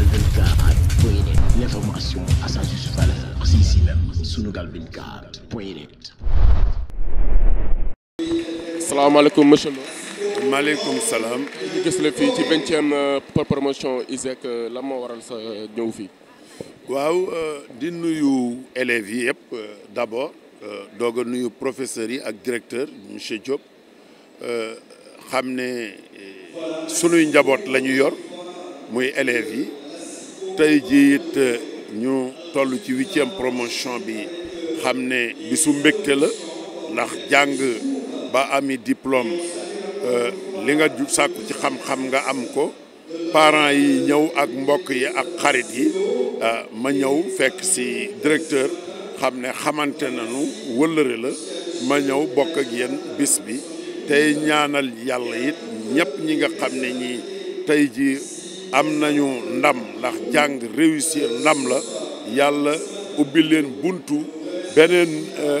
Sunugal 24 point net l'information à sa salaam. ñu gis la fii ci vingtième euh, promotion ISEC euh, lan moo waral sa euh, ñëw fii. waaw di nuyu élèves yi yëpp d'abord doog a nuyu professeurs yi ak directeur monsieur Diop xam ne sunuy njaboot la ñu yor muy élèves yi tey jii it euh, ñu toll ci huitième promotion bi xam ne bisu mbégte la ndax jàng ba ami diplôme euh, li nga sàkku ci xam-xam nga am ko parents yi ñëw ak mbokk yi ak xarit yi euh, ma ñëw fekk si directeur xam ne xamante nañu wëllëre la ma ñëw bokk ak yéen bis bi tey ñaanal yàlla it ñëpp ñi nga xam ne ñi tey ji am nañu ndam ndax jàng réussir ndam la yàlla ubbi leen buntu beneen euh, euh,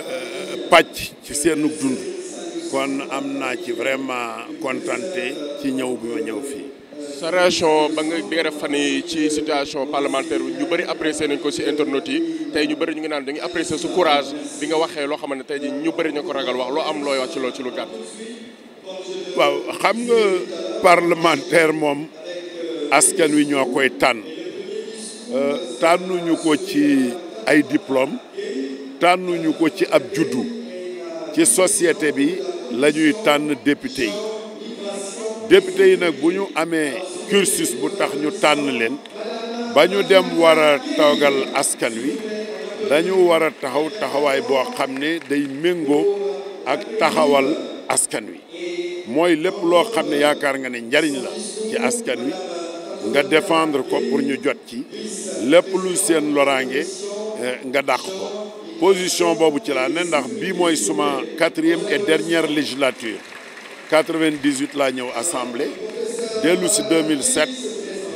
pàcc ci seen seenu dund kon am naa ci vraiment contenté ci ñëw bi ñëw fii sa réaction ba nga bi nga def ci situation parlementaire bi ñu bëri apprécier nañ ko ci internet yi tey ñu bëri ñu ngi naan dañuy apprécier su courage bi nga waxee loo xam ne tey ji ñu bari ñu ko ragal wax loo am looy wax ci loolu ci lu gàtt. waaw xam nga parlementaire moom askan wi ñoo koy tànn Euh, tànnuñu ko ci ay diplôme tànnuñu ko ci ab juddu ci société bi la ñuy tànn député yi député yi nag bu ñu amee cursus bu tax ñu tànn leen ba ñu dem war a toogal askan wi dañu war a taxaw taxawaay boo xam ne day méngoo ak taxawal askan wi mooy lépp loo xam ne yaakaar nga ne njariñ la ci askan wi nga défendre ko pour ñu jot ci lépp luy seen loraange eh, nga dàq ko position boobu ci laa ne ndax bii mooy suma quatrième et dernière législature la laa ñëw assemblée dellu si 2007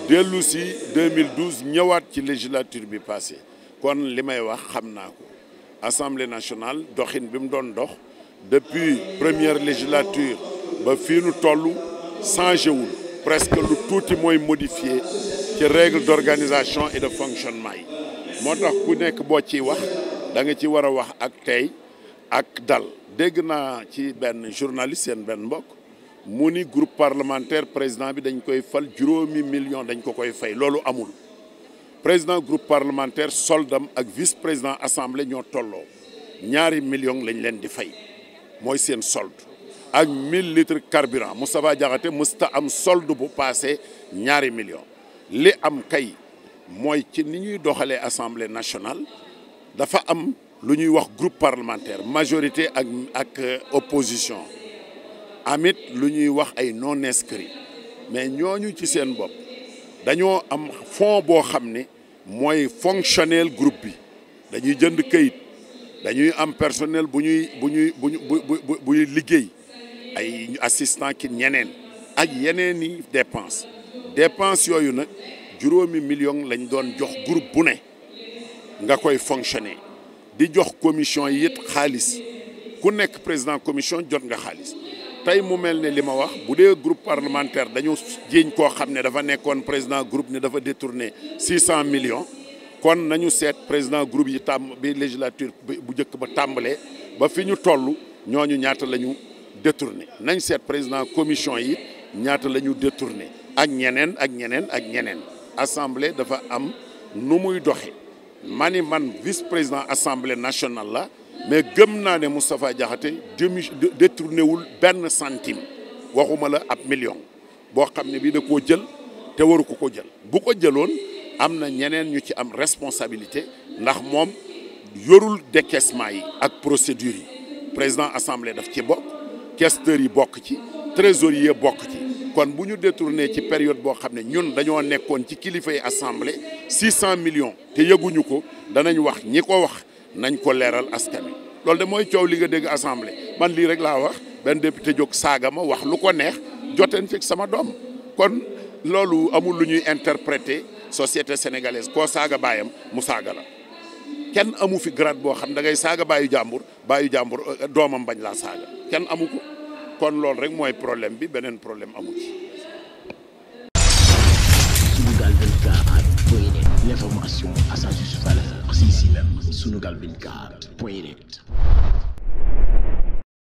dellu si 2012 ñëwaat ci législature bi passé kon li may wax xam naa ko assemblée nationale doxin bi mu doon dox depuis première législature ba fii nu toll changé wul presque lu tuuti mooy modifié ci règle d'organisation et de fonctionnement yi moo tax ku nekk boo ciy wax da nga ci war a wax ak tey ak dal dégg na ci benn journaliste seen benn mbokk mu ni groupe parlementaire président bi dañ koy fal juróomi million dañ ko koy fay loolu amul président groupe parlementaire soldam ak vice président assemblée ñoo tolloo ñaari million lañ leen di fay mooy seen solde ak 1000 litres carburant Moustapha Diakhaté mësta am solde bu passé ñaari million li am kay mooy ci ni ñuy doxalee assemblée nationale dafa am lu ñuy wax groupe parlementaire majorité ak ak euh, opposition amit lu ñuy wax ay non inscrits mais ñooñu ci seen bopp dañoo am fonds boo xam ni mooy fonctionnel groupe bi dañuy jënd kayit dañuy am personnel bu ñuy bu ñuy bu bu bu buy liggéey ay assistant ki ñeneen ak yeneen i dépense dépense yooyu nag juróomi million lañ doon jox groupe bu ne nga koy fonctionner di jox commission yi it xaalis ku nekk président commission jot nga xaalis tey mu mel ni li ma wax bu dee groupe parlementaire dañu jéeñ koo xam ne dafa nekkoon président groupe ne dafa détourné six cent millions kon nañu seet président groupe yi tàmm bi législature bu njëkk ba tàmbalee ba fi ñu toll ñooñu ñaata lañu détourné nañ seet président commission yi ñaata la ñu détourné ak ñeneen ak ñeneen ak ñeneen assemblée dafa am nu muy doxe ma man vice président assemblée nationale la mais gëm naa ne Moustapha Diakhaté demi détourné wul benn centime waxuma la ab million boo xam ne bii da koo jël te waru ko ko jël bu ko jëloon am na ñeneen ñu ci am responsabilité ndax moom yorul décaissement yi ak procédure yi président assemblée daf ci bokk caisseurs yi bokk ci trésorier bokk ci kon bu ñu détourné ci période boo xam ne ñun dañoo nekkoon ci kilifa yi assemblée six cent millions te yëguñu ko danañ wax ñi ko wax nañ ko leeral askan wi loolu de mooy coow li nga dégg assemblée man lii rek laa wax benn député jóg saaga ma wax lu ko neex joteen ci sama doom kon loolu amul lu ñuy interpréter société sénégalaise koo saaga baayam mu saaga la kenn amu fi grade boo xam da ngay saaga baayu jàmbur baayu jàmbur euh, doomam bañ laa saaga kenn amu kon loolu rek mooy problème bi beneen problème amu ci. Sunugal 24 point net l'information à sa juste valeur c'est